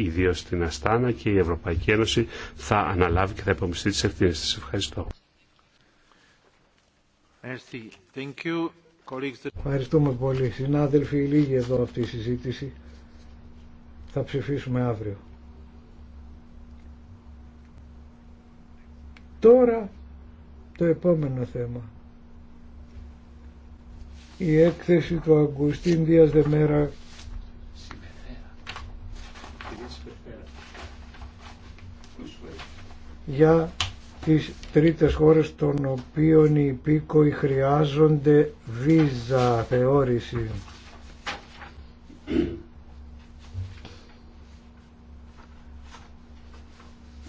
ιδίως στην Αστάνα και η Ευρωπαϊκή Ένωση θα αναλάβει και θα υπομειστεί τις ευθύνες της. Ευχαριστώ. Ευχαριστούμε πολύ. Συνάδελφοι, λίγη εδώ αυτή η συζήτηση. Θα ψηφίσουμε αύριο. Τώρα το επόμενο θέμα. Η έκθεση του Αγκουστίν Δίας Δεμέρα για τις τρίτες χώρες των οποίων οι υπήκοοι χρειάζονται βίζα θεώρηση.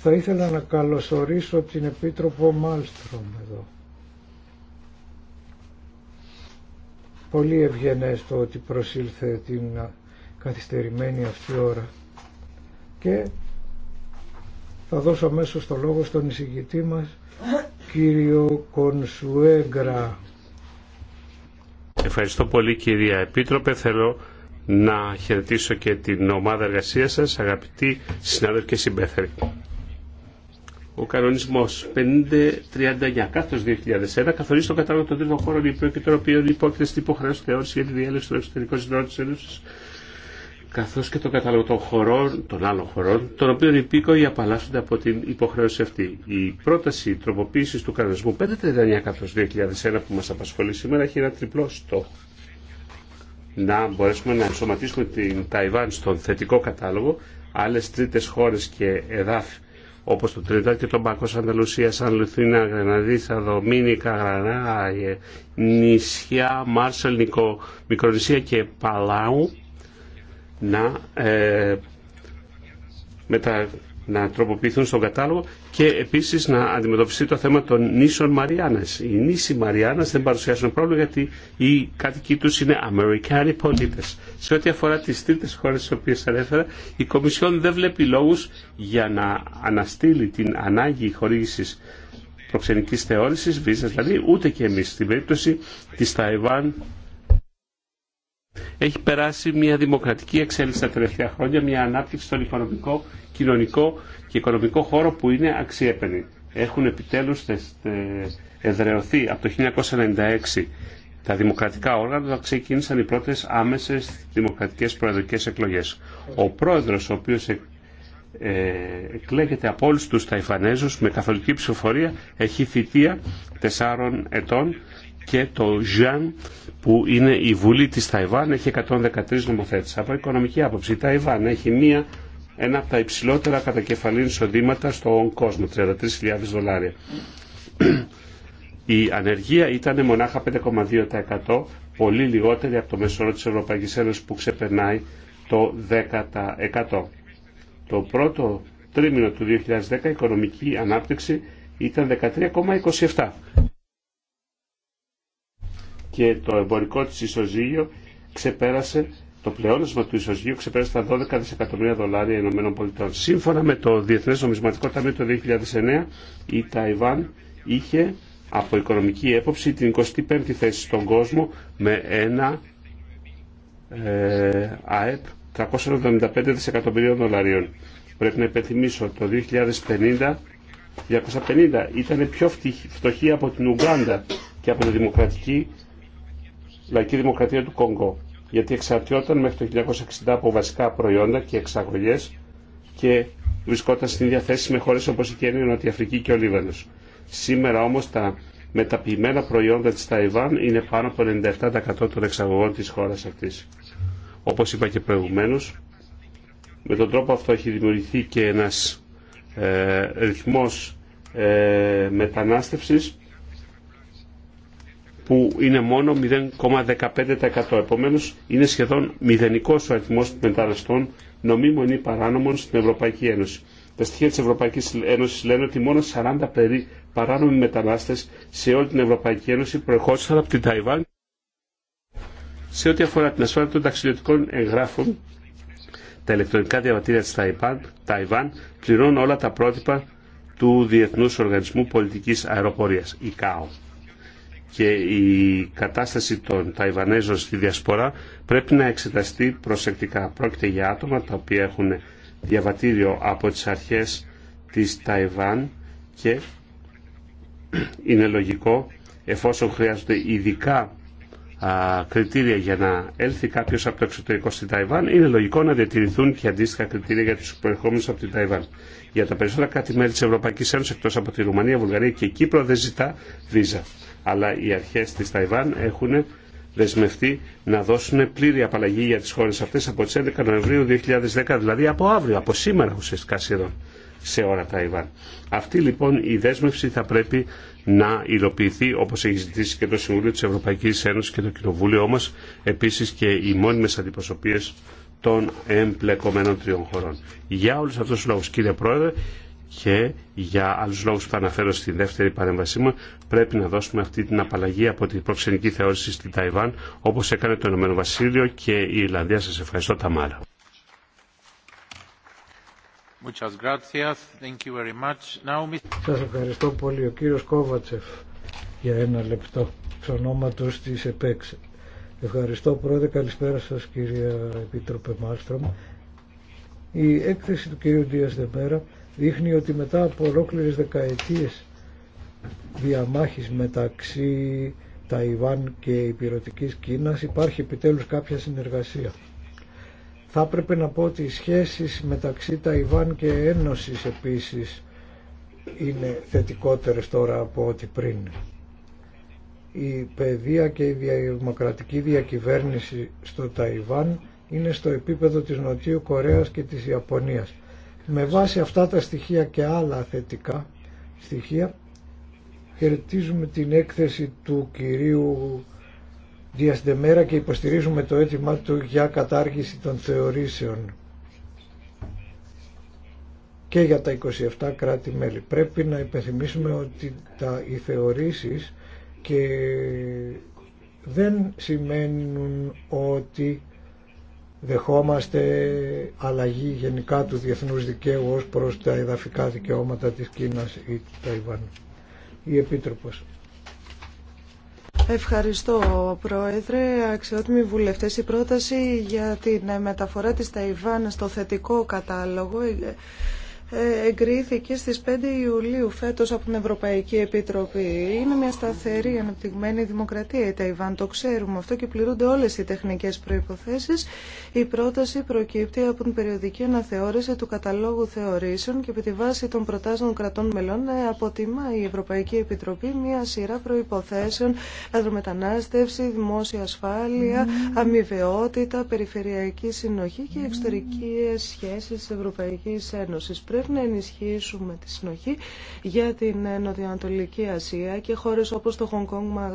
Θα ήθελα να καλωσορίσω την Επίτροπο Μάλστρομ εδώ. Πολύ ευγενές το ότι προσήλθε την καθυστερημένη αυτή ώρα και θα δώσω αμέσω το λόγο στον εισηγητή μας, κύριο Κονσουέγκρα. Ευχαριστώ πολύ κυρία Επίτροπε. Θέλω να χαιρετήσω και την ομάδα εργασίας σας, αγαπητοί συνάδελφοι και συμπέθεροι. Ο κανονισμό 5039 κάθος 2001 καθορίζει τον κατάλογο των τρίτων χώρων υπό και των οποίων υπόκειται στην υποχρέωση θεώρηση για τη διέλευση των εξωτερικών συνόρων τη Ένωση καθώς και τον κατάλογο των χωρών, των άλλων χωρών, των οποίων οι πήκοοι απαλλάσσονται από την υποχρέωση αυτή. Η πρόταση τροποποίησης του κανονισμού 539 2001 που μας απασχολεί σήμερα έχει ένα τριπλό στόχο. Να μπορέσουμε να ενσωματίσουμε την Ταϊβάν στον θετικό κατάλογο, άλλες τρίτες χώρες και εδάφη όπως το Τρίτα και τον Πάκο Ανταλουσία, Σαν Λουθίνα, Γρεναδίσα, Δομίνικα, Γρανά, νησιά, Μάρσελ, Νικο, Μικρονησία και Παλάου να, ε, μετα, να τροποποιηθούν στον κατάλογο και επίσης να αντιμετωπιστεί το θέμα των νήσων Μαριάνας. Οι νήσοι Μαριάνας δεν παρουσιάζουν πρόβλημα γιατί οι κάτοικοί τους είναι Αμερικάνοι πολίτες. Σε ό,τι αφορά τις τρίτες χώρες στις οποίες ανέφερα, η Κομισιόν δεν βλέπει λόγους για να αναστείλει την ανάγκη χορήγησης προξενική θεώρηση, βίζα, δηλαδή, ούτε και εμείς. Στην περίπτωση της Ταϊβάν έχει περάσει μια δημοκρατική εξέλιξη τα τελευταία χρόνια, μια ανάπτυξη στον οικονομικό, κοινωνικό και οικονομικό χώρο που είναι αξιέπαινη. Έχουν επιτέλους εδρεωθεί από το 1996 τα δημοκρατικά όργανα ξεκίνησαν οι πρώτες άμεσες δημοκρατικές προεδρικές εκλογές. Ο πρόεδρος, ο οποίος ε, εκλέγεται από όλους τους Ταϊφανέζους με καθολική ψηφοφορία, έχει θητεία τεσσάρων ετών και το Ζιάν που είναι η Βουλή της Ταϊβάν έχει 113 νομοθέτες. Από οικονομική άποψη η Ταϊβάν έχει μία, ένα από τα υψηλότερα κατακεφαλήν εισοδήματα στον κόσμο, 33.000 δολάρια. Η ανεργία ήταν μονάχα 5,2%, πολύ λιγότερη από το μεσόρο της Ευρωπαϊκής Ένωσης που ξεπερνάει το 10%. Το πρώτο τρίμηνο του 2010 η οικονομική ανάπτυξη ήταν 13,27 και το εμπορικό της ισοζύγιο ξεπέρασε το πλεόνασμα του ισοζυγίου ξεπέρασε τα 12 δισεκατομμύρια δολάρια Ηνωμένων Πολιτών. Σύμφωνα με το Διεθνές Νομισματικό Ταμείο το 2009, η Ταϊβάν είχε από οικονομική έποψη την 25η θέση στον κόσμο με ένα ε, ΑΕΠ 375 δισεκατομμυρίων δολαρίων. Πρέπει να υπενθυμίσω το 2050 250 ήταν πιο φτωχή από την Ουγγάντα και από τη Δημοκρατική Λαϊκή Δημοκρατία του Κονγκό, γιατί εξαρτιόταν μέχρι το 1960 από βασικά προϊόντα και εξαγωγές και βρισκόταν στην ίδια θέση με χώρες όπως η Κένια, η Νότια Αφρική και ο Λίβανο. Σήμερα όμως τα μεταποιημένα προϊόντα τη Ταϊβάν είναι πάνω από 97% των εξαγωγών της χώρας αυτής. Όπως είπα και προηγουμένω, με τον τρόπο αυτό έχει δημιουργηθεί και ένα ε, ρυθμός ε, που είναι μόνο 0,15%. Επομένως είναι σχεδόν μηδενικός ο αριθμός μεταναστών νομίμων ή παράνομων στην Ευρωπαϊκή Ένωση. Τα στοιχεία της Ευρωπαϊκής Ένωσης λένε ότι μόνο 40 περί παράνομοι μετανάστες σε όλη την Ευρωπαϊκή Ένωση προερχόντουσαν από την Ταϊβάν. Σε ό,τι αφορά την ασφάλεια των ταξιδιωτικών εγγράφων, τα ηλεκτρονικά διαβατήρια της Ταϊβάν, πληρώνουν όλα τα πρότυπα του Διεθνούς Οργανισμού Πολιτικής Αεροπορίας, ICAO και η κατάσταση των Ταϊβανέζων στη διασπορά πρέπει να εξεταστεί προσεκτικά. Πρόκειται για άτομα τα οποία έχουν διαβατήριο από τις αρχές της Ταϊβάν και είναι λογικό εφόσον χρειάζονται ειδικά κριτήρια για να έλθει κάποιος από το εξωτερικό στη Ταϊβάν, είναι λογικό να διατηρηθούν και αντίστοιχα κριτήρια για τους προερχόμενου από την Ταϊβάν. Για τα περισσότερα κράτη-μέλη τη Ευρωπαϊκή Ένωση, εκτό από τη Ρουμανία, Βουλγαρία και Κύπρο, δεν ζητά βίζα. Αλλά οι αρχέ τη Ταϊβάν έχουν δεσμευτεί να δώσουν πλήρη απαλλαγή για τι χώρε αυτέ από τι 11 Νοεμβρίου 2010, δηλαδή από αύριο, από σήμερα ουσιαστικά σχεδόν, σε ώρα Ταϊβάν. Αυτή λοιπόν η δέσμευση θα πρέπει να υλοποιηθεί όπω έχει ζητήσει και το Συμβούλιο τη Ευρωπαϊκή Ένωση και το Κοινοβούλιο, όμω επίση και οι μόνιμε αντιπροσωπείε των εμπλεκομένων τριών χωρών. Για όλους αυτούς τους λόγους κύριε Πρόεδρε και για άλλους λόγους που αναφέρω στη δεύτερη παρέμβασή μου πρέπει να δώσουμε αυτή την απαλλαγή από την προξενική θεώρηση στην Ταϊβάν όπως έκανε το Ηνωμένο Βασίλειο και η Ιρλανδία. Σας ευχαριστώ τα μάλλα Σας ευχαριστώ πολύ. Ο κύριος Κόβατσεφ για ένα λεπτό της Ευχαριστώ πρόεδρε, καλησπέρα σας κύριε Επίτροπε Μάλστρομ. Η έκθεση του κυρίου Δίας Δεμέρα δείχνει ότι μετά από ολόκληρες δεκαετίες διαμάχης μεταξύ Ταϊβάν και υπηρετικής Κίνας υπάρχει επιτέλους κάποια συνεργασία. Θα έπρεπε να πω ότι οι σχέσεις μεταξύ Ταϊβάν και Ένωσης επίσης είναι θετικότερες τώρα από ό,τι πριν. Η παιδεία και η δημοκρατική διακυβέρνηση στο Ταϊβάν είναι στο επίπεδο της Νοτιού Κορέας και της Ιαπωνίας. Με βάση αυτά τα στοιχεία και άλλα θετικά στοιχεία χαιρετίζουμε την έκθεση του κυρίου Διασδεμέρα και υποστηρίζουμε το αίτημά του για κατάργηση των θεωρήσεων και για τα 27 κράτη-μέλη. Πρέπει να υπενθυμίσουμε ότι τα, οι θεωρήσεις και δεν σημαίνουν ότι δεχόμαστε αλλαγή γενικά του διεθνούς δικαίου ως προς τα εδαφικά δικαιώματα της Κίνας ή του Ταϊβάν. Η Επίτροπος. Ευχαριστώ Πρόεδρε. Αξιότιμοι βουλευτές, η πρόταση για την μεταφορά της Ταϊβάν στο θετικό κατάλογο εγκρίθηκε στις 5 Ιουλίου φέτος από την Ευρωπαϊκή Επιτροπή. Είναι μια σταθερή αναπτυγμένη δημοκρατία η Ταϊβάν, το ξέρουμε αυτό και πληρούνται όλες οι τεχνικές προϋποθέσεις. Η πρόταση προκύπτει από την περιοδική αναθεώρηση του καταλόγου θεωρήσεων και επί τη βάση των προτάσεων των κρατών μελών ε, αποτιμά η Ευρωπαϊκή Επιτροπή μια σειρά προϋποθέσεων, αδρομετανάστευση, δημόσια ασφάλεια, mm. αμοιβαιότητα, περιφερειακή συνοχή και εξωτερικές σχέσεις της Ευρωπαϊκής Ένωσης πρέπει να ενισχύσουμε τη συνοχή για την Νοτιοανατολική Ασία και χώρες όπως το Χονγκ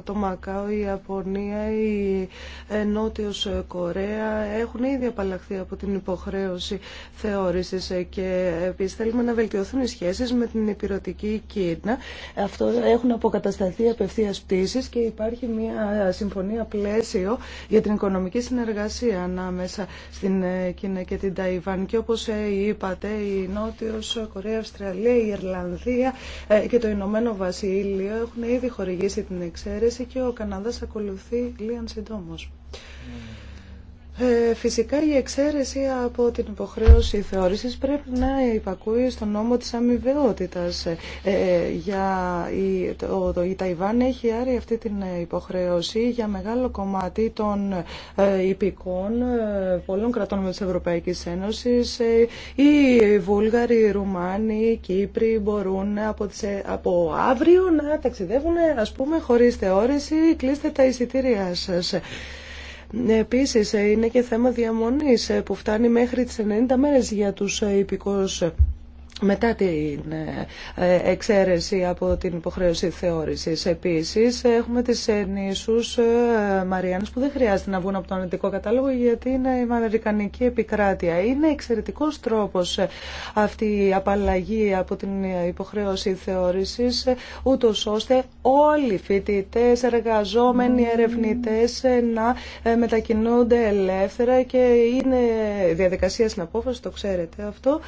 το Μακάο, η Ιαπωνία, η ε, Νότιος Κορέα έχουν ήδη απαλλαχθεί από την υποχρέωση θεώρησης ε, και επίσης θέλουμε να βελτιωθούν οι σχέσεις με την υπηρετική Κίνα. Αυτό έχουν αποκατασταθεί απευθεία πτήσεις και υπάρχει μια συμφωνία πλαίσιο για την οικονομική συνεργασία ανάμεσα στην ε, Κίνα και την Ταϊβάν. Και όπως είπατε, η Νότιο Κύπρος, Κορέα, Αυστραλία, η Ιρλανδία ε, και το Ηνωμένο Βασίλειο έχουν ήδη χορηγήσει την εξαίρεση και ο Καναδάς ακολουθεί λίγαν συντόμως. Ναι. Ε, φυσικά η εξαίρεση από την υποχρέωση θεώρησης πρέπει να υπακούει στον νόμο της αμοιβαιότητας. Ε, ε, για η, το, Ταϊβάν έχει άρει αυτή την υποχρέωση για μεγάλο κομμάτι των ε, υπηκών πολλών κρατών με της Ευρωπαϊκής Ένωσης. οι Βούλγαροι, Ρουμάνοι, Κύπροι μπορούν από, τις, από αύριο να ταξιδεύουν ας πούμε χωρίς θεώρηση. Κλείστε τα εισιτήρια σας. Επίση, είναι και θέμα διαμονή ε, που φτάνει μέχρι τι 90 μέρε για του ε, υπηκόου μετά την ε, εξαίρεση από την υποχρέωση θεώρησης. Επίσης, έχουμε τις νήσους ε, Μαριάννη που δεν χρειάζεται να βγουν από τον ανετικό κατάλογο γιατί είναι η Αμερικανική επικράτεια. Είναι εξαιρετικός τρόπος ε, αυτή η απαλλαγή από την υποχρέωση θεώρησης, ούτω ώστε όλοι οι φοιτητές, εργαζόμενοι, ερευνητές να μετακινούνται ελεύθερα και είναι διαδικασία στην απόφαση, το ξέρετε αυτό,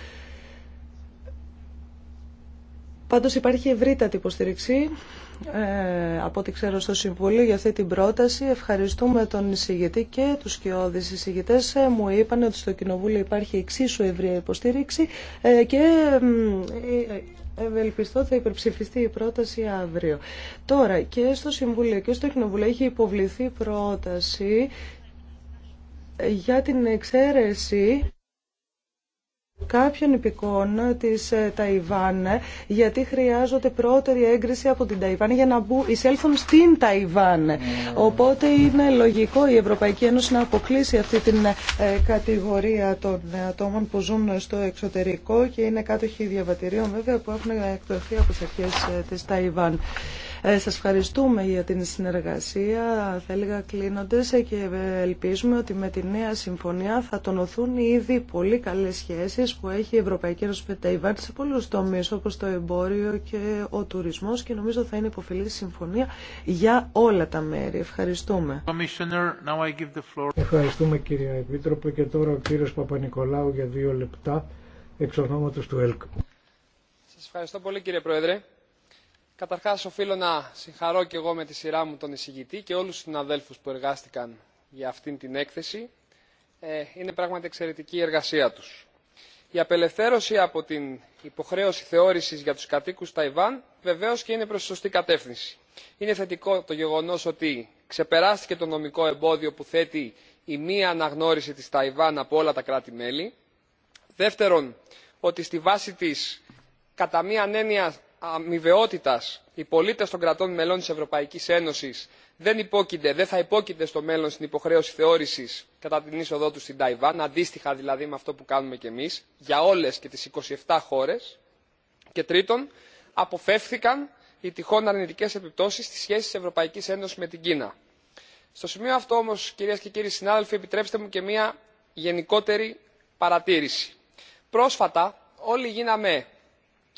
Πάντως υπάρχει ευρύτατη υποστήριξη ε, από ό,τι ξέρω στο Συμβούλιο για αυτή την πρόταση. Ευχαριστούμε τον εισηγητή και τους σκιώδεις εισηγητές. Ε, μου είπαν ότι στο Κοινοβούλιο υπάρχει εξίσου ευρία υποστήριξη ε, και ε, ευελπιστώ θα υπερψηφιστεί η πρόταση αύριο. Τώρα και στο Συμβούλιο και στο Κοινοβούλιο έχει υποβληθεί πρόταση για την εξαίρεση κάποιων υπηκών της ε, Ταϊβάν γιατί χρειάζονται πρώτερη έγκριση από την Ταϊβάν για να μπουν, εισέλθουν στην Ταϊβάν. Ναι. Οπότε είναι λογικό η Ευρωπαϊκή Ένωση να αποκλείσει αυτή την ε, κατηγορία των ατόμων που ζουν στο εξωτερικό και είναι κάτοχοι διαβατηρίων βέβαια που έχουν εκτοθεί από τις αρχές ε, της Ταϊβάν. Ε, σας ευχαριστούμε για την συνεργασία, θα έλεγα κλείνοντας ε, και ελπίζουμε ότι με τη νέα συμφωνία θα τονωθούν ήδη πολύ καλές σχέσεις που έχει η Ευρωπαϊκή Ένωση Ρωσπεταϊβάρ σε πολλούς τομείς όπως το εμπόριο και ο τουρισμός και νομίζω θα είναι υποφιλή συμφωνία για όλα τα μέρη. Ευχαριστούμε. Ευχαριστούμε κύριε Επίτροπο και τώρα ο κύριος Παπα-Νικολάου για δύο λεπτά εξ του ΕΛΚ. Σας ευχαριστώ πολύ κύριε Πρόεδρε Καταρχά οφείλω να συγχαρώ και εγώ με τη σειρά μου τον εισηγητή και όλου του συναδέλφου που εργάστηκαν για αυτήν την έκθεση. Ε, είναι πράγματι εξαιρετική η εργασία του. Η απελευθέρωση από την υποχρέωση θεώρηση για του κατοίκου Ταϊβάν βεβαίω και είναι προς σωστή κατεύθυνση. Είναι θετικό το γεγονό ότι ξεπεράστηκε το νομικό εμπόδιο που θέτει η μία αναγνώριση της Ταϊβάν από όλα τα κράτη-μέλη. Δεύτερον, ότι στη βάση της κατά μίαν έννοια αμοιβαιότητας οι πολίτες των κρατών μελών της Ευρωπαϊκής Ένωσης δεν θα υπόκεινται στο μέλλον στην υποχρέωση θεώρησης κατά την είσοδό τους στην Ταϊβάν, αντίστοιχα δηλαδή με αυτό που κάνουμε και εμείς, για όλες και τις 27 χώρες. Και τρίτον, αποφεύθηκαν οι τυχόν αρνητικές επιπτώσεις στις σχέσεις της Ευρωπαϊκής Ένωσης με την Κίνα. Στο σημείο αυτό όμως, κυρίες και κύριοι συνάδελφοι, επιτρέψτε μου και μία γενικότερη παρατήρηση. Πρόσφατα όλοι γίναμε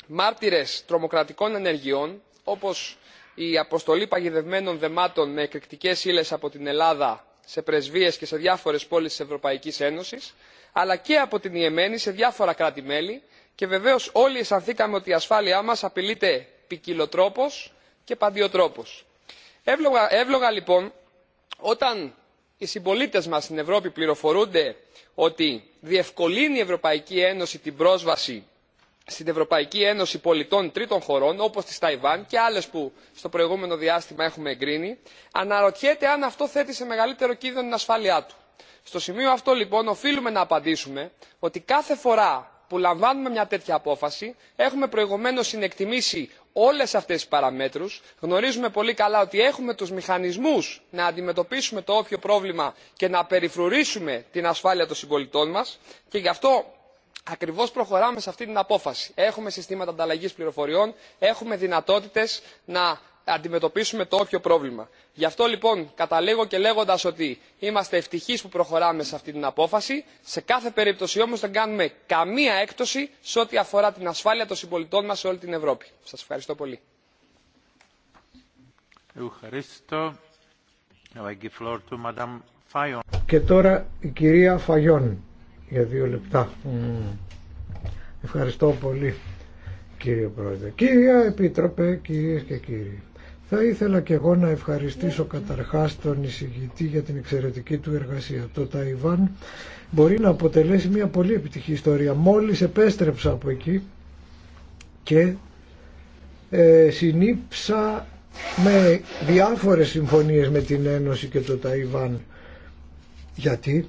μάρτυρες τρομοκρατικών ενεργειών όπως η αποστολή παγιδευμένων δεμάτων με εκρηκτικές ύλες από την ελλάδα σε πρεσβείες και σε διάφορες πόλεις της ευρωπαϊκής ένωσης αλλά και από την ιεμένη σε διάφορα κράτη μέλη και βεβαίως όλοι αισθανθήκαμε ότι η ασφάλειά μας απειλείται ποικιλοτρόπως και παντιοτρόπως. Εύλογα, εύλογα λοιπόν όταν οι συμπολίτες μας στην Ευρώπη πληροφορούνται ότι διευκολύνει η Ευρωπαϊκή Ένωση την πρόσβαση στην Ευρωπαϊκή Ένωση πολιτών τρίτων χωρών, όπως τη Ταϊβάν και άλλες που στο προηγούμενο διάστημα έχουμε εγκρίνει, αναρωτιέται αν αυτό θέτει σε μεγαλύτερο κίνδυνο την ασφάλειά του. Στο σημείο αυτό λοιπόν οφείλουμε να απαντήσουμε ότι κάθε φορά που λαμβάνουμε μια τέτοια απόφαση έχουμε προηγουμένως συνεκτιμήσει όλες αυτές τις παραμέτρους γνωρίζουμε πολύ καλά ότι έχουμε τους μηχανισμούς να αντιμετωπίσουμε το όποιο πρόβλημα και να περιφρουρήσουμε την ασφάλεια των συμπολιτών μας και γι' αυτό ακριβώς προχωράμε σε αυτή την απόφαση. Έχουμε συστήματα ανταλλαγή πληροφοριών, έχουμε δυνατότητες να αντιμετωπίσουμε το όποιο πρόβλημα. Γι' αυτό λοιπόν καταλήγω και λέγοντας ότι είμαστε ευτυχείς που προχωράμε σε αυτή την απόφαση. Σε κάθε περίπτωση όμως δεν κάνουμε καμία έκπτωση σε ό,τι αφορά την ασφάλεια των συμπολιτών μας σε όλη την Ευρώπη. Σας ευχαριστώ πολύ. Ευχαριστώ. Και τώρα η κυρία Φαγιόν για δύο λεπτά. Mm. Ευχαριστώ πολύ κύριε Πρόεδρε. Κύρια Επίτροπε, κυρίες και κύριοι. Θα ήθελα και εγώ να ευχαριστήσω καταρχάς τον εισηγητή για την εξαιρετική του εργασία. Το Ταϊβάν μπορεί να αποτελέσει μια πολύ επιτυχή ιστορία. Μόλις επέστρεψα από εκεί και ε, συνήψα με διάφορες συμφωνίες με την Ένωση και το Ταϊβάν. Γιατί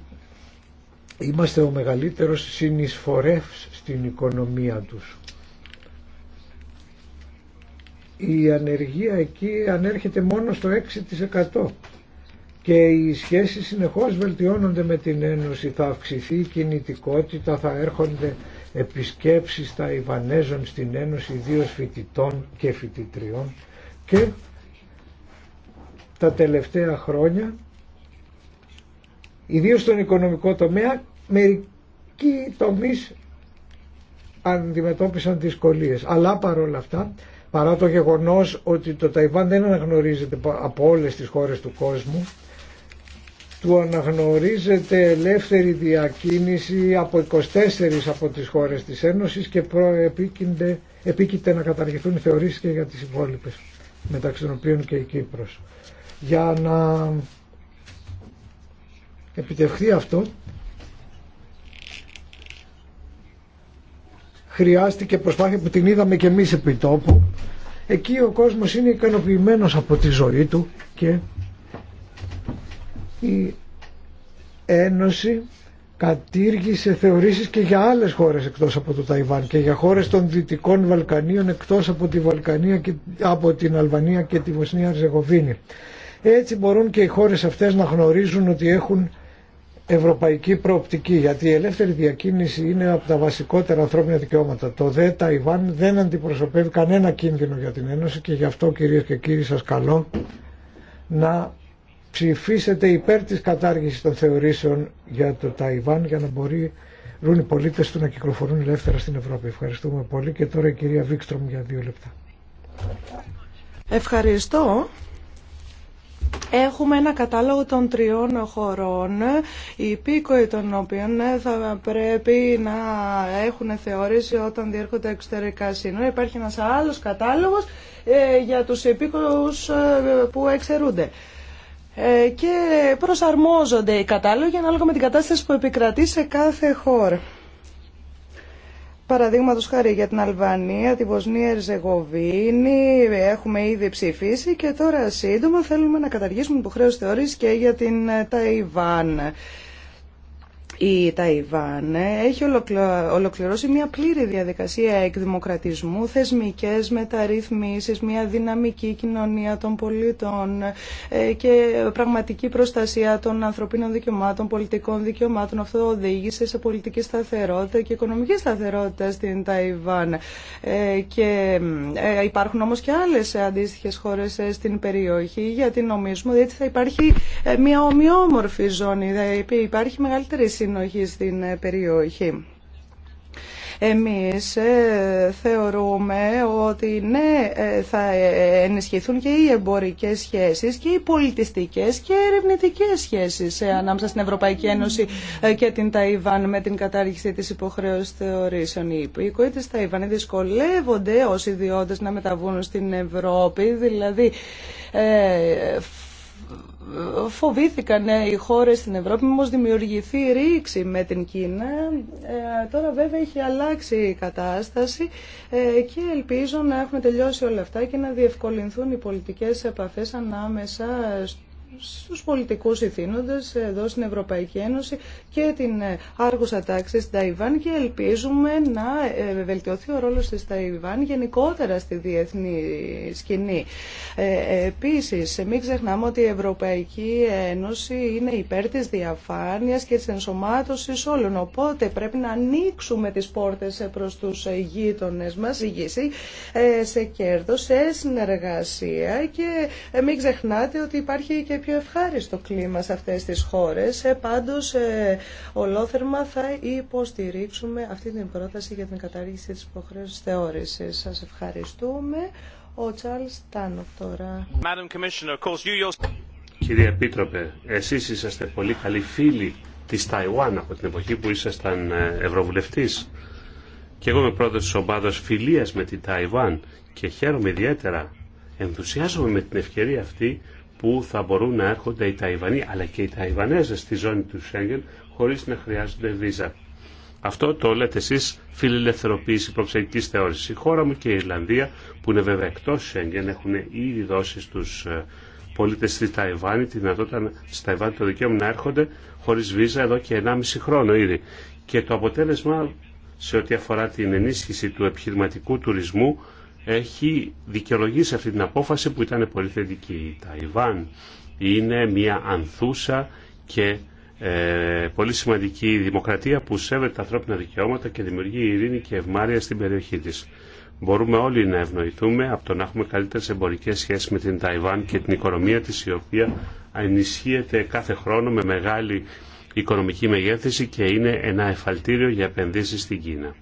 είμαστε ο μεγαλύτερος συνεισφορεύς στην οικονομία τους. Η ανεργία εκεί ανέρχεται μόνο στο 6% και οι σχέσεις συνεχώς βελτιώνονται με την Ένωση, θα αυξηθεί η κινητικότητα, θα έρχονται επισκέψεις τα Ιβανέζων στην Ένωση, ιδίω φοιτητών και φοιτητριών και τα τελευταία χρόνια ιδίως στον οικονομικό τομέα, μερικοί τομείς αντιμετώπισαν δυσκολίες. Αλλά παρόλα αυτά, παρά το γεγονός ότι το Ταϊβάν δεν αναγνωρίζεται από όλες τις χώρες του κόσμου, του αναγνωρίζεται ελεύθερη διακίνηση από 24 από τις χώρες της Ένωσης και επίκειται να καταργηθούν θεωρήσεις και για τις υπόλοιπες μεταξύ των οποίων και η Κύπρος. Για να επιτευχθεί αυτό χρειάστηκε προσπάθεια που την είδαμε και εμείς επί τόπου εκεί ο κόσμος είναι ικανοποιημένος από τη ζωή του και η Ένωση κατήργησε θεωρήσεις και για άλλες χώρες εκτός από το Ταϊβάν και για χώρες των Δυτικών Βαλκανίων εκτός από, τη Βαλκανία και, από την Αλβανία και τη Βοσνία Αρζεγοβίνη. Έτσι μπορούν και οι χώρες αυτές να γνωρίζουν ότι έχουν ευρωπαϊκή προοπτική γιατί η ελεύθερη διακίνηση είναι από τα βασικότερα ανθρώπινα δικαιώματα. Το ΔΕ Ταϊβάν δεν αντιπροσωπεύει κανένα κίνδυνο για την Ένωση και γι' αυτό κυρίες και κύριοι σας καλώ να ψηφίσετε υπέρ της κατάργησης των θεωρήσεων για το Ταϊβάν για να μπορούν οι πολίτες του να κυκλοφορούν ελεύθερα στην Ευρώπη. Ευχαριστούμε πολύ και τώρα η κυρία Βίξτρομ για δύο λεπτά. Ευχαριστώ έχουμε ένα κατάλογο των τριών χωρών, οι υπήκοοι των οποίων ε, θα πρέπει να έχουν θεώρηση όταν διέρχονται εξωτερικά σύνορα. Υπάρχει ένας άλλος κατάλογος ε, για τους υπήκοους ε, που εξαιρούνται και προσαρμόζονται οι κατάλογοι ανάλογα με την κατάσταση που επικρατεί σε κάθε χώρο. Παραδείγματο χάρη για την Αλβανία, τη Βοσνία Ερζεγοβίνη, έχουμε ήδη ψηφίσει και τώρα σύντομα θέλουμε να καταργήσουμε υποχρέωση θεωρή και για την ε, Ταϊβάν. Η Ταϊβάν έχει ολοκληρώσει μια πλήρη διαδικασία εκδημοκρατισμού, θεσμικές μεταρρυθμίσεις, μια δυναμική κοινωνία των πολιτών ε, και πραγματική προστασία των ανθρωπίνων δικαιωμάτων, πολιτικών δικαιωμάτων. Αυτό οδήγησε σε πολιτική σταθερότητα και οικονομική σταθερότητα στην Ταϊβάν. Ε, και ε, υπάρχουν όμως και άλλες αντίστοιχες χώρες στην περιοχή, γιατί νομίζουμε ότι θα υπάρχει μια ομοιόμορφη ζώνη, υπάρχει μεγαλύτερη συνοχή στην ε, περιοχή. Εμείς ε, θεωρούμε ότι ναι, ε, θα ενισχυθούν και οι εμπορικές σχέσεις και οι πολιτιστικές και ερευνητικές σχέσεις ανάμεσα στην Ευρωπαϊκή Ένωση και την Ταϊβάν με την κατάργηση της υποχρέωσης θεωρήσεων. Οι υπηκοί της Ταϊβάν δυσκολεύονται ως ιδιώτες να μεταβούν στην Ευρώπη, δηλαδή φοβήθηκαν ε, οι χώρες στην Ευρώπη, όμως δημιουργηθεί ρήξη με την Κίνα. Ε, τώρα βέβαια έχει αλλάξει η κατάσταση ε, και ελπίζω να έχουμε τελειώσει όλα αυτά και να διευκολυνθούν οι πολιτικές επαφές ανάμεσα στους πολιτικούς ηθήνοντες εδώ στην Ευρωπαϊκή Ένωση και την ε, άργουσα τάξη στην Ταϊβάν και ελπίζουμε να ε, βελτιωθεί ο ρόλος της Ταϊβάν γενικότερα στη διεθνή σκηνή. Ε, επίσης, μην ξεχνάμε ότι η Ευρωπαϊκή Ένωση είναι υπέρ της διαφάνειας και της ενσωμάτωσης όλων, οπότε πρέπει να ανοίξουμε τις πόρτες προς τους γείτονες μας, σε κέρδος, σε συνεργασία και μην ξεχνάτε ότι υπάρχει και πιο ευχάριστο κλίμα σε αυτές τις χώρες. Ε, πάντως, ε, ολόθερμα θα υποστηρίξουμε αυτή την πρόταση για την κατάργηση της υποχρέωσης θεώρησης. Σας ευχαριστούμε. Ο Τσάρλς Τάνοκ τώρα. Κύριε Επίτροπε, εσείς είσαστε πολύ καλοί φίλοι της Ταϊουάν από την εποχή που ήσασταν ε, ευρωβουλευτής. Και εγώ είμαι πρόεδρος της ομάδας φιλίας με την Ταϊουάν και χαίρομαι ιδιαίτερα. Ενθουσιάζομαι με την ευκαιρία αυτή που θα μπορούν να έρχονται οι Ταϊβανοί αλλά και οι Ταϊβανέζες στη ζώνη του Σέγγεν χωρίς να χρειάζονται βίζα. Αυτό το λέτε εσεί φιλελευθερωποίηση προψαϊκή θεώρηση. Η χώρα μου και η Ιρλανδία, που είναι βέβαια εκτό Σέγγεν, έχουν ήδη δώσει στου ε, πολίτε στη Ταϊβάνη τη δυνατότητα στη Ταϊβάνη το δικαίωμα να έρχονται χωρί βίζα εδώ και 1,5 χρόνο ήδη. Και το αποτέλεσμα σε ό,τι αφορά την ενίσχυση του επιχειρηματικού τουρισμού έχει δικαιολογήσει αυτή την απόφαση που ήταν πολύ θετική. Η Ταϊβάν είναι μια ανθούσα και ε, πολύ σημαντική δημοκρατία που σέβεται τα ανθρώπινα δικαιώματα και δημιουργεί ειρήνη και ευμάρεια στην περιοχή της. Μπορούμε όλοι να ευνοηθούμε από το να έχουμε καλύτερες εμπορικές σχέσεις με την Ταϊβάν και την οικονομία της η οποία ενισχύεται κάθε χρόνο με μεγάλη οικονομική μεγέθυνση και είναι ένα εφαλτήριο για επενδύσεις στην Κίνα.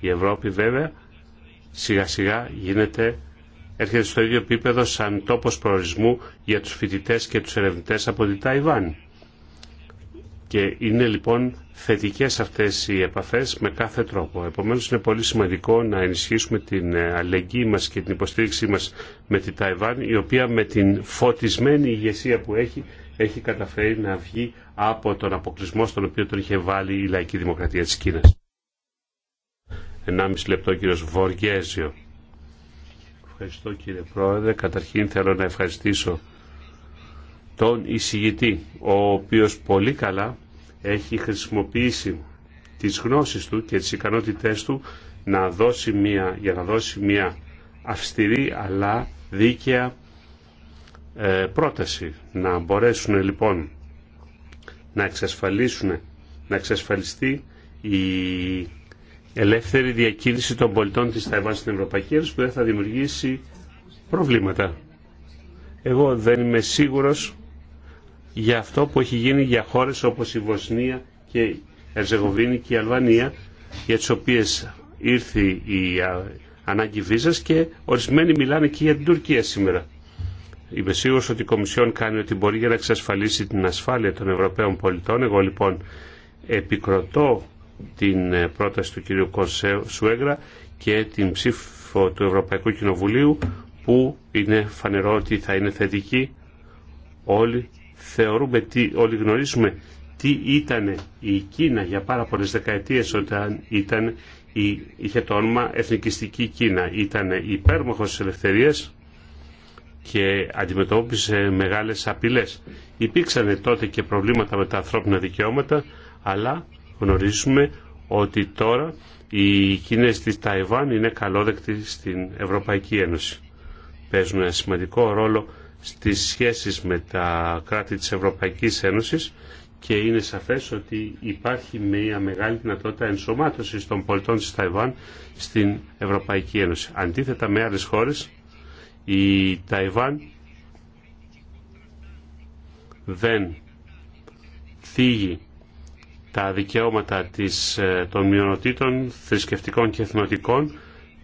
Η Ευρώπη βέβαια σιγά σιγά γίνεται έρχεται στο ίδιο επίπεδο σαν τόπος προορισμού για τους φοιτητές και τους ερευνητές από την Ταϊβάν. Και είναι λοιπόν θετικές αυτές οι επαφές με κάθε τρόπο. Επομένως είναι πολύ σημαντικό να ενισχύσουμε την ε, αλληλεγγύη μας και την υποστήριξή μας με τη Ταϊβάν, η οποία με την φωτισμένη ηγεσία που έχει, έχει καταφέρει να βγει από τον αποκλεισμό στον οποίο τον είχε βάλει η λαϊκή δημοκρατία της Κίνας. 1,5 λεπτό κύριος Βοργέζιο. Ευχαριστώ κύριε Πρόεδρε. Καταρχήν θέλω να ευχαριστήσω τον εισηγητή, ο οποίος πολύ καλά έχει χρησιμοποιήσει τις γνώσεις του και τις ικανότητές του να δώσει μια, για να δώσει μια αυστηρή αλλά δίκαια ε, πρόταση. Να μπορέσουν λοιπόν να εξασφαλίσουν, να εξασφαλιστεί η ελεύθερη διακίνηση των πολιτών της Ταϊβάν στην Ευρωπαϊκή Ένωση που δεν θα δημιουργήσει προβλήματα. Εγώ δεν είμαι σίγουρος για αυτό που έχει γίνει για χώρες όπως η Βοσνία και η Ερζεγοβίνη και η Αλβανία για τις οποίες ήρθε η ανάγκη βίζας και ορισμένοι μιλάνε και για την Τουρκία σήμερα. Είμαι σίγουρος ότι η Κομισιόν κάνει ό,τι μπορεί για να εξασφαλίσει την ασφάλεια των Ευρωπαίων πολιτών. Εγώ λοιπόν επικροτώ την ε, πρόταση του κ. Σουέγρα και την ψήφο του Ευρωπαϊκού Κοινοβουλίου που είναι φανερό ότι θα είναι θετική. Όλοι, θεωρούμε, τι, όλοι γνωρίζουμε τι ήταν η Κίνα για πάρα πολλές δεκαετίες όταν ήταν η, είχε το όνομα Εθνικιστική Κίνα. Ήταν υπέρμαχος της και αντιμετώπισε μεγάλες απειλέ Υπήρξαν τότε και προβλήματα με τα ανθρώπινα δικαιώματα, αλλά Γνωρίζουμε ότι τώρα οι Κίνες της Ταϊβάν είναι καλόδεκτοι στην Ευρωπαϊκή Ένωση. Παίζουν ένα σημαντικό ρόλο στις σχέσεις με τα κράτη της Ευρωπαϊκής Ένωσης και είναι σαφές ότι υπάρχει μια μεγάλη δυνατότητα ενσωμάτωσης των πολιτών της Ταϊβάν στην Ευρωπαϊκή Ένωση. Αντίθετα με άλλες χώρες, η Ταϊβάν δεν θίγει τα δικαιώματα της, ε, των μειονοτήτων, θρησκευτικών και εθνοτικών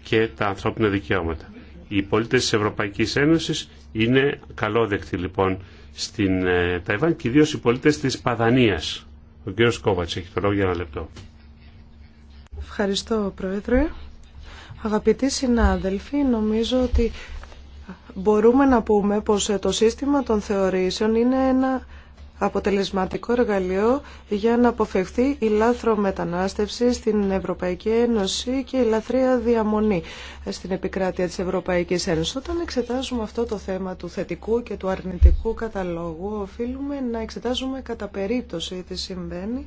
και τα ανθρώπινα δικαιώματα. Οι πολίτες της Ευρωπαϊκής Ένωσης είναι καλόδεκτοι λοιπόν στην ε, Ταϊβάν και ιδίως οι πολίτες της Παδανίας. Ο κ. Κόβατς έχει το λόγο για ένα λεπτό. Ευχαριστώ Πρόεδρε. Αγαπητοί συνάδελφοι, νομίζω ότι μπορούμε να πούμε πως ε, το σύστημα των θεωρήσεων είναι ένα αποτελεσματικό εργαλείο για να αποφευθεί η λάθρο μετανάστευση στην Ευρωπαϊκή Ένωση και η λαθρεία διαμονή στην επικράτεια της Ευρωπαϊκής Ένωσης. Όταν εξετάζουμε αυτό το θέμα του θετικού και του αρνητικού καταλόγου, οφείλουμε να εξετάζουμε κατά περίπτωση τι συμβαίνει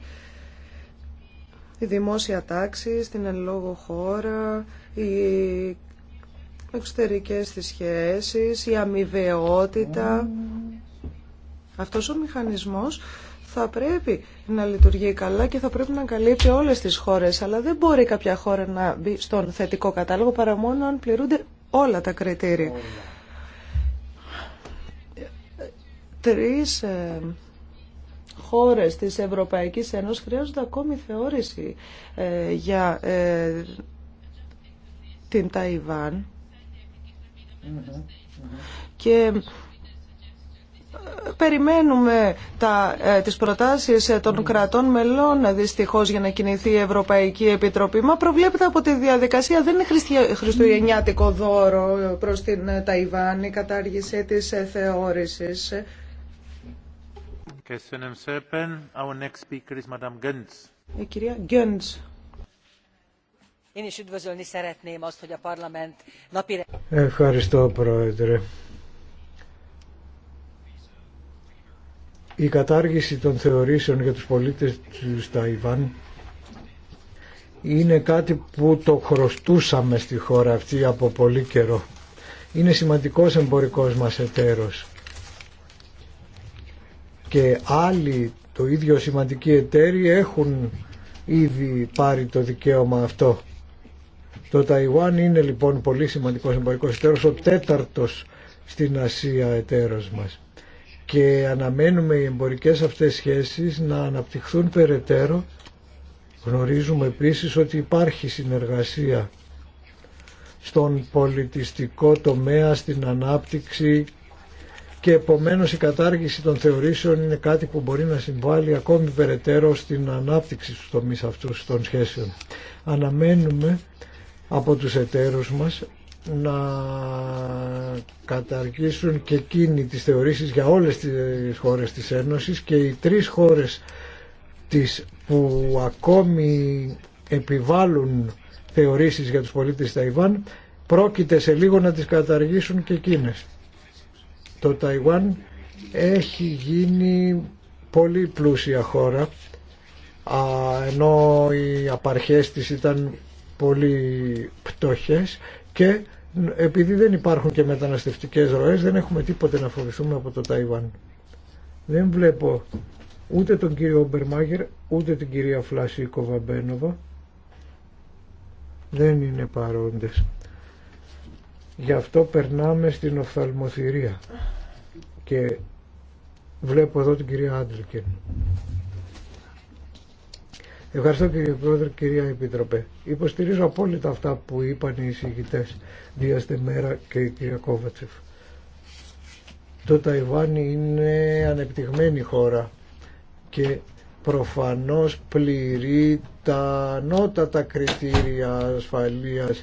η δημόσια τάξη, στην εν χώρα, η εξωτερικές τις σχέσεις, η αμοιβαιότητα, αυτός ο μηχανισμός θα πρέπει να λειτουργεί καλά και θα πρέπει να καλύπτει όλες τις χώρες. Αλλά δεν μπορεί κάποια χώρα να μπει στον θετικό κατάλογο παρά μόνο αν πληρούνται όλα τα κριτήρια. Τρεις ε, χώρες της Ευρωπαϊκής Ένωσης χρειάζονται ακόμη θεώρηση ε, για ε, την Ταϊβάν. Και περιμένουμε τα, ε, τις προτάσεις ε, των κρατών μελών δυστυχώς για να κινηθεί η Ευρωπαϊκή Επιτροπή. Μα προβλέπεται από τη διαδικασία, δεν είναι χριστουγεννιάτικο δώρο προς την ε, Ταϊβάν η κατάργηση της θεώρησης. Η κυρία Γκέντς. Ευχαριστώ, Πρόεδρε. Η κατάργηση των θεωρήσεων για τους πολίτες του Ταϊβάν είναι κάτι που το χρωστούσαμε στη χώρα αυτή από πολύ καιρό. Είναι σημαντικός εμπορικός μας εταίρος. Και άλλοι το ίδιο σημαντικοί εταίροι έχουν ήδη πάρει το δικαίωμα αυτό. Το Ταϊβάν είναι λοιπόν πολύ σημαντικός εμπορικός εταίρος, ο τέταρτος στην Ασία εταίρος μας και αναμένουμε οι εμπορικές αυτές σχέσεις να αναπτυχθούν περαιτέρω. Γνωρίζουμε επίσης ότι υπάρχει συνεργασία στον πολιτιστικό τομέα, στην ανάπτυξη και επομένως η κατάργηση των θεωρήσεων είναι κάτι που μπορεί να συμβάλλει ακόμη περαιτέρω στην ανάπτυξη στους τομείς αυτούς των σχέσεων. Αναμένουμε από τους εταίρους μας να καταργήσουν και εκείνοι τις θεωρήσεις για όλες τις χώρες της Ένωσης και οι τρεις χώρες τις που ακόμη επιβάλλουν θεωρήσεις για τους πολίτες της Ταϊβάν πρόκειται σε λίγο να τις καταργήσουν και εκείνες. Το Ταϊβάν έχει γίνει πολύ πλούσια χώρα ενώ οι απαρχές της ήταν πολύ πτωχές και επειδή δεν υπάρχουν και μεταναστευτικές ροές δεν έχουμε τίποτε να φοβηθούμε από το Ταϊβάν. Δεν βλέπω ούτε τον κύριο Ομπερμάγερ, ούτε την κυρία φλάση Κοβαμπένοβα Δεν είναι παρόντες. Γι' αυτό περνάμε στην οφθαλμοθυρία. Και βλέπω εδώ την κυρία Άντλικεν. Ευχαριστώ κύριε Πρόεδρε, κυρία Επίτροπε. Υποστηρίζω απόλυτα αυτά που είπαν οι εισηγητέ Δία Δεμέρα και η κυρία Κόβατσεφ. Το Ταϊβάν είναι ανεπτυγμένη χώρα και προφανώς πληρεί τα ανώτατα κριτήρια ασφαλείας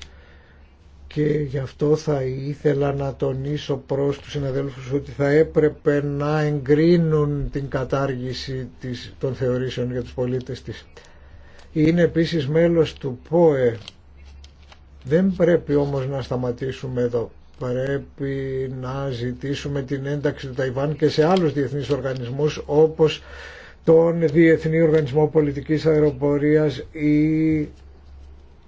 και γι' αυτό θα ήθελα να τονίσω προς τους συναδέλφους ότι θα έπρεπε να εγκρίνουν την κατάργηση των θεωρήσεων για τους πολίτες της. Είναι επίσης μέλος του ΠΟΕ. Δεν πρέπει όμως να σταματήσουμε εδώ. Πρέπει να ζητήσουμε την ένταξη του Ταϊβάν και σε άλλους διεθνείς οργανισμούς όπως τον Διεθνή Οργανισμό Πολιτικής Αεροπορίας ή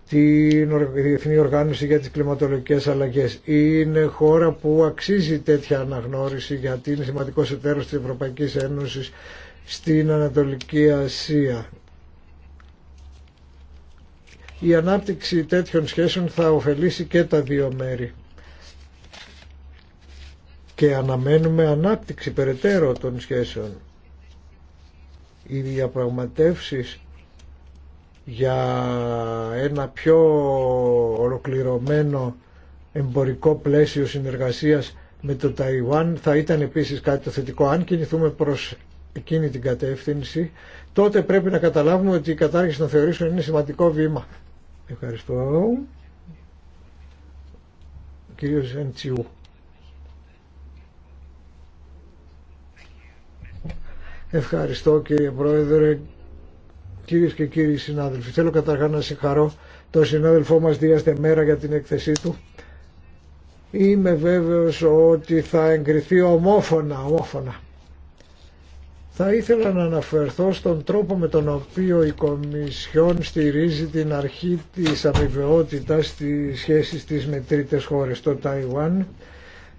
την Διεθνή Οργάνωση για τις Κλιματολογικές Αλλαγές. Είναι χώρα που αξίζει τέτοια αναγνώριση γιατί είναι σημαντικός εταίρος της Ευρωπαϊκής Ένωσης στην Ανατολική Ασία. Η ανάπτυξη τέτοιων σχέσεων θα ωφελήσει και τα δύο μέρη. Και αναμένουμε ανάπτυξη περαιτέρω των σχέσεων. Οι διαπραγματεύσεις για ένα πιο ολοκληρωμένο εμπορικό πλαίσιο συνεργασίας με το Ταϊουάν θα ήταν επίσης κάτι το θετικό. Αν κινηθούμε προς εκείνη την κατεύθυνση, τότε πρέπει να καταλάβουμε ότι η κατάργηση των θεωρήσεων είναι σημαντικό βήμα. Ευχαριστώ. Κύριος Ζεντσιού. Ευχαριστώ κύριε Πρόεδρε, κύριες και κύριοι συνάδελφοι. Θέλω καταρχά να συγχαρώ τον συνάδελφό μας Δίας Μέρα για την έκθεσή του. Είμαι βέβαιος ότι θα εγκριθεί ομόφωνα, ομόφωνα. Θα ήθελα να αναφερθώ στον τρόπο με τον οποίο η Κομισιόν στηρίζει την αρχή της αμοιβαιότητας στις σχέσεις της με τρίτες χώρες. Το Ταϊουάν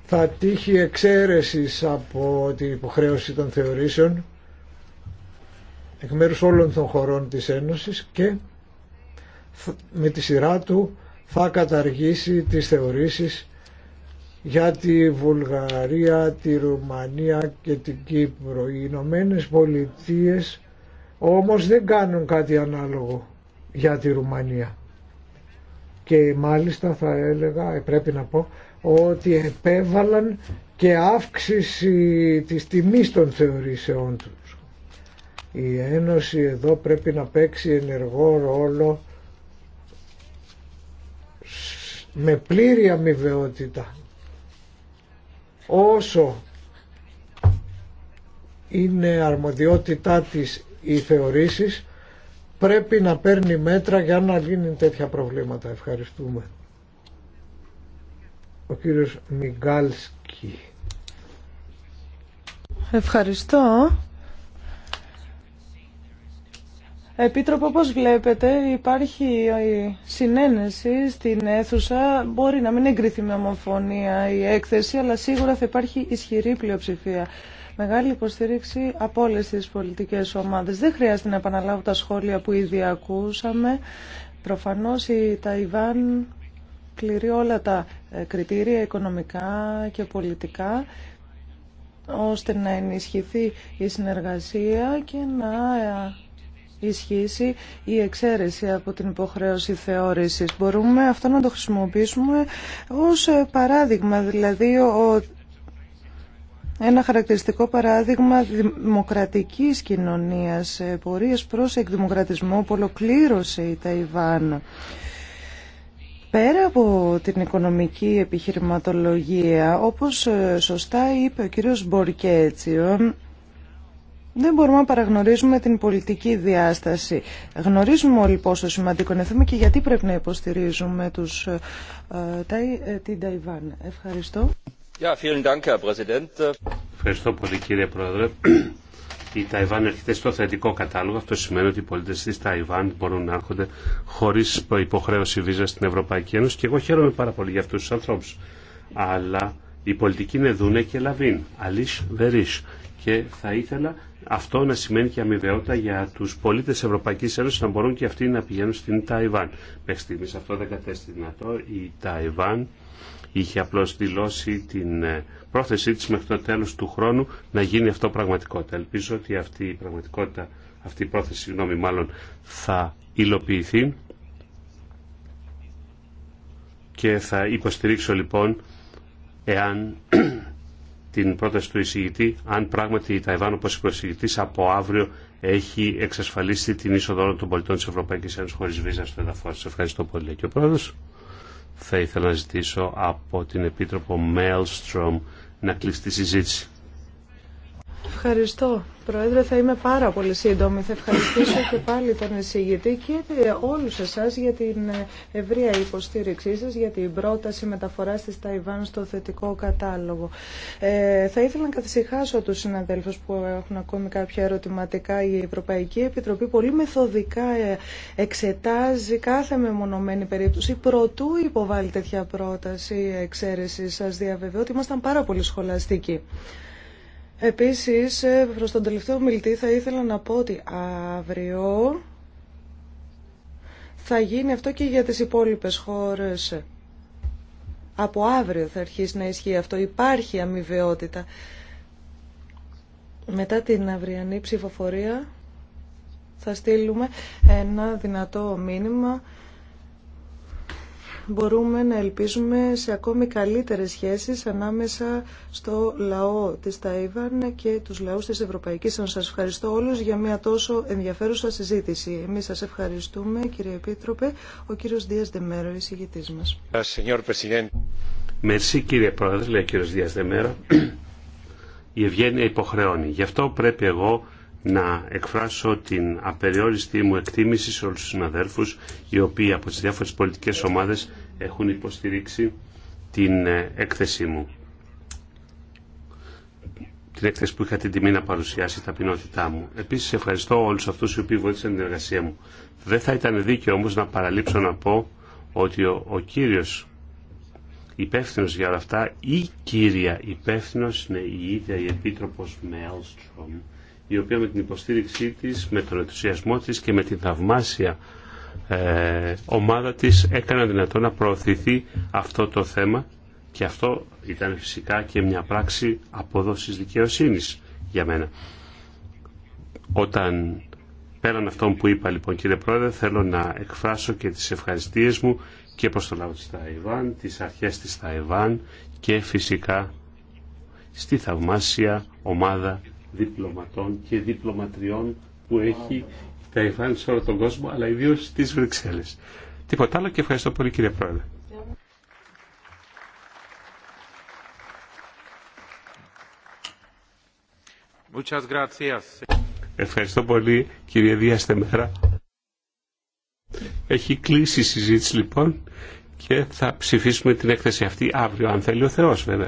θα τύχει εξαίρεση από την υποχρέωση των θεωρήσεων εκ μέρους όλων των χωρών της Ένωσης και με τη σειρά του θα καταργήσει τις θεωρήσεις για τη Βουλγαρία, τη Ρουμανία και την Κύπρο. Οι Ηνωμένε Πολιτείε όμως δεν κάνουν κάτι ανάλογο για τη Ρουμανία. Και μάλιστα θα έλεγα, ε, πρέπει να πω, ότι επέβαλαν και αύξηση της τιμής των θεωρήσεών τους. Η Ένωση εδώ πρέπει να παίξει ενεργό ρόλο με πλήρη αμοιβαιότητα Όσο είναι αρμοδιότητά της η θεωρήσεις, πρέπει να παίρνει μέτρα για να λύνει τέτοια προβλήματα. Ευχαριστούμε. Ο κύριος Μιγκάλσκι. Ευχαριστώ. Επίτροπο, όπως βλέπετε, υπάρχει συνένεση στην αίθουσα. Μπορεί να μην εγκριθεί με ομοφωνία η έκθεση, αλλά σίγουρα θα υπάρχει ισχυρή πλειοψηφία. Μεγάλη υποστήριξη από όλε τι πολιτικέ ομάδε. Δεν χρειάζεται να επαναλάβω τα σχόλια που ήδη ακούσαμε. Προφανώ η Ταϊβάν κληρεί όλα τα ε, κριτήρια οικονομικά και πολιτικά ώστε να ενισχυθεί η συνεργασία και να ε, ισχύσει η εξαίρεση από την υποχρέωση θεώρησης. Μπορούμε αυτό να το χρησιμοποιήσουμε ως παράδειγμα, δηλαδή ο ένα χαρακτηριστικό παράδειγμα δημοκρατικής κοινωνίας, ε, πορείας προς εκδημοκρατισμό που ολοκλήρωσε η Ταϊβάν. Πέρα από την οικονομική επιχειρηματολογία, όπως ε, σωστά είπε ο κύριος Μπορκέτσιο, δεν μπορούμε να παραγνωρίζουμε την πολιτική διάσταση. Γνωρίζουμε όλοι πόσο σημαντικό είναι θέμα και γιατί πρέπει να υποστηρίζουμε τους, ε, ε, την Ταϊβάν. Ευχαριστώ. Ευχαριστώ πολύ κύριε Πρόεδρε. Η Ταϊβάν έρχεται στο θετικό κατάλογο. Αυτό σημαίνει ότι οι πολίτε τη Ταϊβάν μπορούν να έρχονται χωρί υποχρέωση βίζα στην Ευρωπαϊκή Ένωση και εγώ χαίρομαι πάρα πολύ για αυτού του ανθρώπου. Αλλά η πολιτική είναι δούνε και λαβίν. Αλή βερίσ και θα ήθελα αυτό να σημαίνει και αμοιβαιότητα για του πολίτε Ευρωπαϊκή Ένωση να μπορούν και αυτοί να πηγαίνουν στην Ταϊβάν. Μέχρι στιγμή αυτό δεν κατέστη δυνατό. Η Ταϊβάν είχε απλώ δηλώσει την ε, πρόθεσή τη μέχρι το τέλο του χρόνου να γίνει αυτό πραγματικότητα. Ελπίζω ότι αυτή η πραγματικότητα, αυτή η πρόθεση, συγγνώμη, μάλλον θα υλοποιηθεί. Και θα υποστηρίξω λοιπόν εάν την πρόταση του εισηγητή αν πράγματι η Ταϊβάν όπως είπε ο εισηγητή, από αύριο έχει εξασφαλίσει την είσοδο των πολιτών τη Ευρωπαϊκής Ένωση χωρίς βίζα στο εδαφό. σα. ευχαριστώ πολύ και ο πρόεδρος. Θα ήθελα να ζητήσω από την Επίτροπο Μέλστρομ να κλείσει τη συζήτηση. Ευχαριστώ. Πρόεδρε, θα είμαι πάρα πολύ σύντομη. Θα ευχαριστήσω και πάλι τον εισηγητή και όλους εσάς για την ευρεία υποστήριξή σας, για την πρόταση μεταφοράς της Ταϊβάν στο θετικό κατάλογο. Ε, θα ήθελα να καθυσυχάσω τους συναδέλφους που έχουν ακόμη κάποια ερωτηματικά. Η Ευρωπαϊκή Επιτροπή πολύ μεθοδικά ε, εξετάζει κάθε μεμονωμένη περίπτωση. πρωτού υποβάλει τέτοια πρόταση εξαίρεση σας διαβεβαιώ ότι ήμασταν πάρα πολύ σχολαστικοί. Επίσης, προς τον τελευταίο μιλτή θα ήθελα να πω ότι αύριο θα γίνει αυτό και για τις υπόλοιπες χώρες. Από αύριο θα αρχίσει να ισχύει αυτό. Υπάρχει αμοιβαιότητα. Μετά την αυριανή ψηφοφορία θα στείλουμε ένα δυνατό μήνυμα μπορούμε να ελπίζουμε σε ακόμη καλύτερες σχέσεις ανάμεσα στο λαό της Ταϊβάν και τους λαούς της Ευρωπαϊκής Να Σας ευχαριστώ όλους για μια τόσο ενδιαφέρουσα συζήτηση. Εμείς σας ευχαριστούμε κύριε Επίτροπε, ο κύριος Δίας Δεμέρο, εισηγητής μας. Μερσή κύριε Πρόεδρε, λέει ο κύριος Δίας Δεμέρο. Η ευγένεια υποχρεώνει. Γι' αυτό πρέπει εγώ να εκφράσω την απεριόριστη μου εκτίμηση σε όλους τους συναδέλφους οι οποίοι από τις διάφορες πολιτικές ομάδες έχουν υποστηρίξει την ε, έκθεσή μου. Την έκθεση που είχα την τιμή να παρουσιάσει τα ποινότητά μου. Επίση ευχαριστώ όλους αυτούς οι οποίοι βοήθησαν την εργασία μου. Δεν θα ήταν δίκαιο όμω να παραλείψω να πω ότι ο, ο κύριος υπεύθυνο για όλα αυτά ή κύρια υπεύθυνο είναι η ίδια η Επίτροπος Μέλστρομ η οποία με την υποστήριξή τη, με τον ενθουσιασμό τη και με την θαυμάσια ε, ομάδα της έκανα δυνατό να προωθηθεί αυτό το θέμα και αυτό ήταν φυσικά και μια πράξη αποδόσης δικαιοσύνης για μένα. Όταν πέραν αυτών που είπα λοιπόν κύριε Πρόεδρε θέλω να εκφράσω και τις ευχαριστίες μου και προς το λαό της Ταϊβάν, τις αρχές της Ταϊβάν και φυσικά στη θαυμάσια ομάδα διπλωματών και διπλωματριών που έχει περηφάνη σε όλο τον κόσμο, αλλά ιδίω στι Βρυξέλλε. Τίποτα άλλο και ευχαριστώ πολύ κύριε Πρόεδρε. Ευχαριστώ πολύ κύριε Δία Στεμέρα. Έχει κλείσει η συζήτηση λοιπόν και θα ψηφίσουμε την έκθεση αυτή αύριο αν θέλει ο Θεός βέβαια.